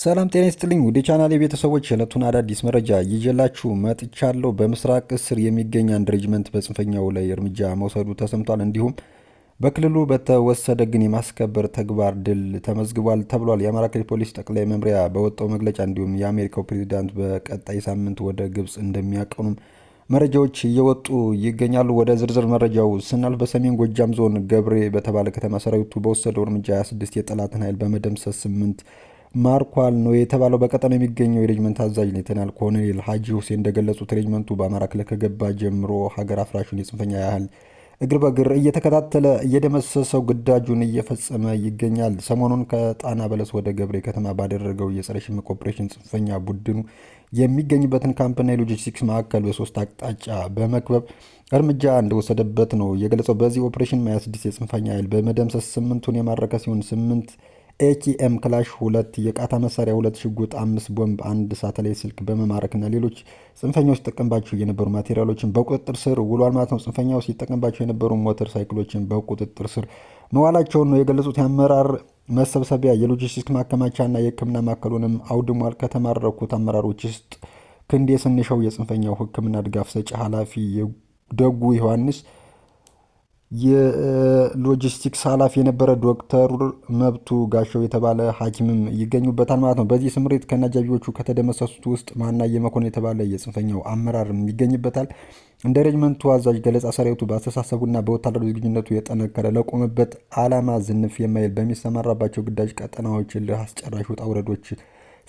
ሰላም ጤና ይስጥልኝ ውድ ቻናሌ ቤተሰቦች፣ የዕለቱን አዳዲስ መረጃ ይዤላችሁ መጥቻለሁ። በምስራቅ እስር የሚገኝ አንድ ሬጅመንት በጽንፈኛው ላይ እርምጃ መውሰዱ ተሰምቷል። እንዲሁም በክልሉ በተወሰደ ግን የማስከበር ተግባር ድል ተመዝግቧል ተብሏል። የአማራ ክልል ፖሊስ ጠቅላይ መምሪያ በወጣው መግለጫ እንዲሁም የአሜሪካው ፕሬዚዳንት በቀጣይ ሳምንት ወደ ግብፅ እንደሚያቀኑም መረጃዎች እየወጡ ይገኛሉ። ወደ ዝርዝር መረጃው ስናልፍ በሰሜን ጎጃም ዞን ገብሬ በተባለ ከተማ ሰራዊቱ በወሰደው እርምጃ 26 የጠላትን ኃይል በመደምሰስ 8 ማርኳል ነው የተባለው። በቀጠናው የሚገኘው የሬጅመንት አዛዥ ሌተናል ኮሎኔል ሀጂ ሁሴን እንደገለጹት ሬጅመንቱ በአማራ ክልል ከገባ ጀምሮ ሀገር አፍራሹን የጽንፈኛ ያህል እግር በግር እየተከታተለ እየደመሰሰው ግዳጁን እየፈጸመ ይገኛል። ሰሞኑን ከጣና በለስ ወደ ገብሬ ከተማ ባደረገው የጸረ ሽምቅ ኦፕሬሽን ጽንፈኛ ቡድኑ የሚገኝበትን ካምፕና የሎጂስቲክስ ማዕከል በሶስት አቅጣጫ በመክበብ እርምጃ እንደወሰደበት ነው የገለጸው። በዚህ ኦፕሬሽን ማያስድስት የጽንፈኛ ኃይል በመደምሰስ ስምንቱን የማረከ ሲሆን ስምንት ኤቲኤም ክላሽ ሁለት የቃታ መሳሪያ ሁለት ሽጉጥ አምስት ቦምብ አንድ ሳተላይት ስልክ በመማረክና ሌሎች ጽንፈኛው ሲጠቀምባቸው የነበሩ ማቴሪያሎችን በቁጥጥር ስር ውሏል ማለት ነው። ጽንፈኛው ሲጠቀምባቸው የነበሩ ሞተር ሳይክሎችን በቁጥጥር ስር መዋላቸውን ነው የገለጹት። የአመራር መሰብሰቢያ የሎጂስቲክስ ማከማቻና የሕክምና ማዕከሉንም አውድሟል። ከተማረኩት አመራሮች ውስጥ ክንዴ ስንሸው የጽንፈኛው ሕክምና ድጋፍ ሰጪ ኃላፊ ደጉ ዮሐንስ የሎጂስቲክስ ኃላፊ የነበረ ዶክተር መብቱ ጋሻው የተባለ ሐኪምም ይገኙበታል ማለት ነው። በዚህ ስምሪት ከነጃቢዎቹ ከተደመሰሱት ውስጥ ማና የመኮን የተባለ የጽንፈኛው አመራርም ይገኝበታል። እንደ ሬጅመንቱ አዛዥ ገለጻ ሰራዊቱ በአስተሳሰቡና በወታደራዊ ዝግጁነቱ የጠነከረ ለቆመበት ዓላማ ዝንፍ የማይል በሚሰማራባቸው ግዳጅ ቀጠናዎች ልህ አስጨራሽ ውጣ ውረዶች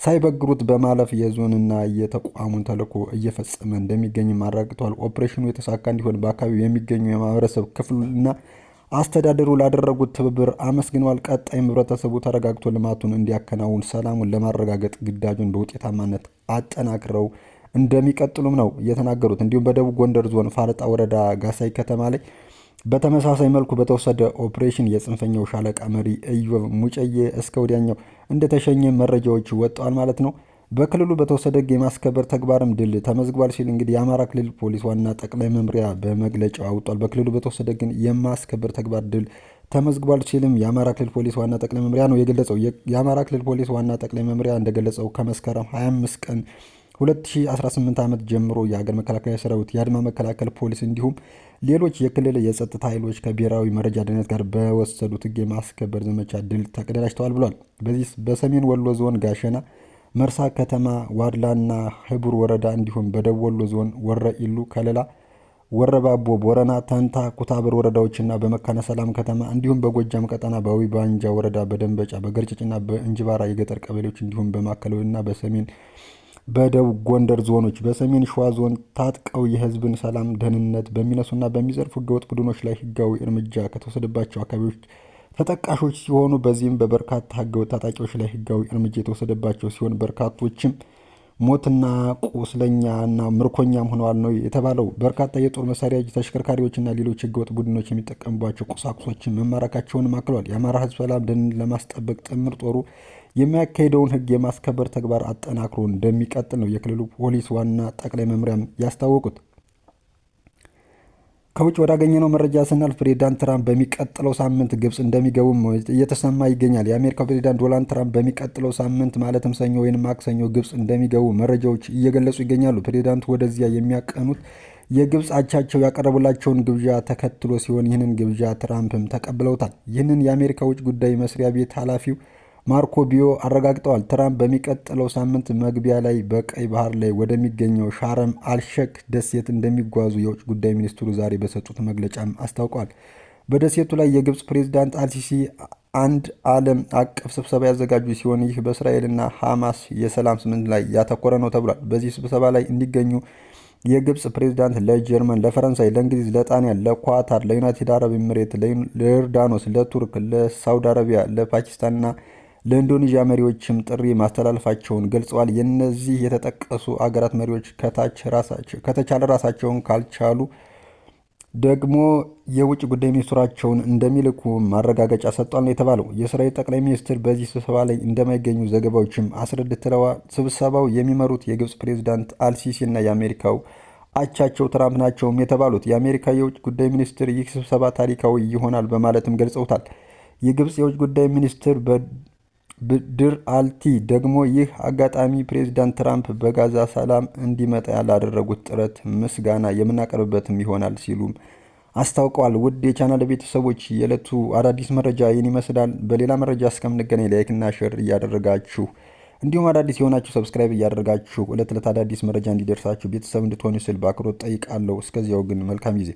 ሳይበግሩት በማለፍ የዞንና የተቋሙን ተልዕኮ እየፈጸመ እንደሚገኝ አረጋግጧል። ኦፕሬሽኑ የተሳካ እንዲሆን በአካባቢው የሚገኙ የማህበረሰብ ክፍልና አስተዳደሩ ላደረጉት ትብብር አመስግነዋል። ቀጣይም ህብረተሰቡ ተረጋግቶ ልማቱን እንዲያከናውን ሰላሙን ለማረጋገጥ ግዳጁን በውጤታማነት አጠናክረው እንደሚቀጥሉም ነው የተናገሩት። እንዲሁም በደቡብ ጎንደር ዞን ፋለጣ ወረዳ ጋሳይ ከተማ ላይ በተመሳሳይ መልኩ በተወሰደ ኦፕሬሽን የጽንፈኛው ሻለቃ መሪ እዮብ ሙጨዬ እስከ ወዲያኛው እንደተሸኘ መረጃዎች ወጥተዋል ማለት ነው። በክልሉ በተወሰደ ሕግ የማስከበር ተግባርም ድል ተመዝግቧል ሲል እንግዲህ የአማራ ክልል ፖሊስ ዋና ጠቅላይ መምሪያ በመግለጫው አውጧል። በክልሉ በተወሰደ ግን የማስከበር ተግባር ድል ተመዝግቧል ሲልም የአማራ ክልል ፖሊስ ዋና ጠቅላይ መምሪያ ነው የገለጸው። የአማራ ክልል ፖሊስ ዋና ጠቅላይ መምሪያ እንደገለጸው ከመስከረም 25 ቀን 2018 ዓመት ጀምሮ የሀገር መከላከያ ሰራዊት የአድማ መከላከል ፖሊስ እንዲሁም ሌሎች የክልል የጸጥታ ኃይሎች ከብሔራዊ መረጃ ደህንነት ጋር በወሰዱት ሕግ የማስከበር ዘመቻ ድል ተቀዳጅተዋል ብሏል። በዚህ በሰሜን ወሎ ዞን ጋሸና፣ መርሳ ከተማ፣ ዋድላና ህቡር ወረዳ እንዲሁም በደቡብ ወሎ ዞን ወረ ኢሉ፣ ከለላ ወረባቦ፣ ቦረና፣ ተንታ፣ ኩታበር ወረዳዎችና በመካነ ሰላም ከተማ እንዲሁም በጎጃም ቀጠና በአዊ ባንጃ ወረዳ በደንበጫ በገርጭጭና በእንጅባራ የገጠር ቀበሌዎች እንዲሁም በማዕከላዊና በሰሜን በደቡብ ጎንደር ዞኖች በሰሜን ሸዋ ዞን ታጥቀው የህዝብን ሰላም ደህንነት በሚነሱና በሚዘርፉ ህገወጥ ቡድኖች ላይ ህጋዊ እርምጃ ከተወሰደባቸው አካባቢዎች ተጠቃሾች ሲሆኑ በዚህም በበርካታ ህገወጥ ታጣቂዎች ላይ ህጋዊ እርምጃ የተወሰደባቸው ሲሆን በርካቶችም ሞትና ቁስለኛና ምርኮኛም ሆነዋል ነው የተባለው። በርካታ የጦር መሳሪያ ተሽከርካሪዎችና ሌሎች ህገወጥ ቡድኖች የሚጠቀሙባቸው ቁሳቁሶችን መማረካቸውንም አክሏል። የአማራ ህዝብ ሰላም ደህንነት ለማስጠበቅ ጥምር ጦሩ የሚያካሄደውን ህግ የማስከበር ተግባር አጠናክሮ እንደሚቀጥል ነው የክልሉ ፖሊስ ዋና ጠቅላይ መምሪያም ያስታወቁት። ከውጭ ወዳገኘነው መረጃ ስናል ፕሬዚዳንት ትራምፕ በሚቀጥለው ሳምንት ግብጽ እንደሚገቡም እየተሰማ ይገኛል። የአሜሪካው ፕሬዚዳንት ዶናልድ ትራምፕ በሚቀጥለው ሳምንት ማለትም ሰኞ ወይም ማክሰኞ ግብጽ እንደሚገቡ መረጃዎች እየገለጹ ይገኛሉ። ፕሬዚዳንቱ ወደዚያ የሚያቀኑት የግብፅ አቻቸው ያቀረቡላቸውን ግብዣ ተከትሎ ሲሆን ይህንን ግብዣ ትራምፕም ተቀብለውታል። ይህንን የአሜሪካ ውጭ ጉዳይ መስሪያ ቤት ኃላፊው ማርኮ ቢዮ አረጋግጠዋል። ትራምፕ በሚቀጥለው ሳምንት መግቢያ ላይ በቀይ ባህር ላይ ወደሚገኘው ሻረም አልሸክ ደሴት እንደሚጓዙ የውጭ ጉዳይ ሚኒስትሩ ዛሬ በሰጡት መግለጫም አስታውቋል። በደሴቱ ላይ የግብፅ ፕሬዚዳንት አልሲሲ አንድ ዓለም አቀፍ ስብሰባ ያዘጋጁ ሲሆን ይህ በእስራኤልና ሐማስ የሰላም ስምምነት ላይ ያተኮረ ነው ተብሏል። በዚህ ስብሰባ ላይ እንዲገኙ የግብፅ ፕሬዚዳንት ለጀርመን፣ ለፈረንሳይ፣ ለእንግሊዝ፣ ለጣሊያን፣ ለኳታር፣ ለዩናይትድ አረብ ኤምሬት፣ ለዮርዳኖስ፣ ለቱርክ፣ ለሳውዲ አረቢያ፣ ለፓኪስታንና ለኢንዶኔዥያ መሪዎችም ጥሪ ማስተላለፋቸውን ገልጸዋል። የነዚህ የተጠቀሱ አገራት መሪዎች ከተቻለ ራሳቸውን ካልቻሉ ደግሞ የውጭ ጉዳይ ሚኒስትራቸውን እንደሚልኩ ማረጋገጫ ሰጥቷል ነው የተባለው። የእስራኤል ጠቅላይ ሚኒስትር በዚህ ስብሰባ ላይ እንደማይገኙ ዘገባዎችም አስረድተዋል። ስብሰባው የሚመሩት የግብፅ ፕሬዚዳንት አልሲሲ እና የአሜሪካው አቻቸው ትራምፕ ናቸውም የተባሉት። የአሜሪካ የውጭ ጉዳይ ሚኒስትር ይህ ስብሰባ ታሪካዊ ይሆናል በማለትም ገልጸውታል። የግብፅ የውጭ ጉዳይ ሚኒስትር ብድር አልቲ ደግሞ ይህ አጋጣሚ ፕሬዚዳንት ትራምፕ በጋዛ ሰላም እንዲመጣ ያላደረጉት ጥረት ምስጋና የምናቀርብበትም ይሆናል ሲሉም አስታውቀዋል። ውድ የቻናል ቤተሰቦች የዕለቱ አዳዲስ መረጃ ይህን ይመስላል። በሌላ መረጃ እስከምንገናኝ ላይክና ሼር እያደረጋችሁ እንዲሁም አዳዲስ የሆናችሁ ሰብስክራይብ እያደረጋችሁ ዕለት ዕለት አዳዲስ መረጃ እንዲደርሳችሁ ቤተሰብ እንድትሆኑ ስል በአክብሮት ጠይቃለሁ። እስከዚያው ግን መልካም ጊዜ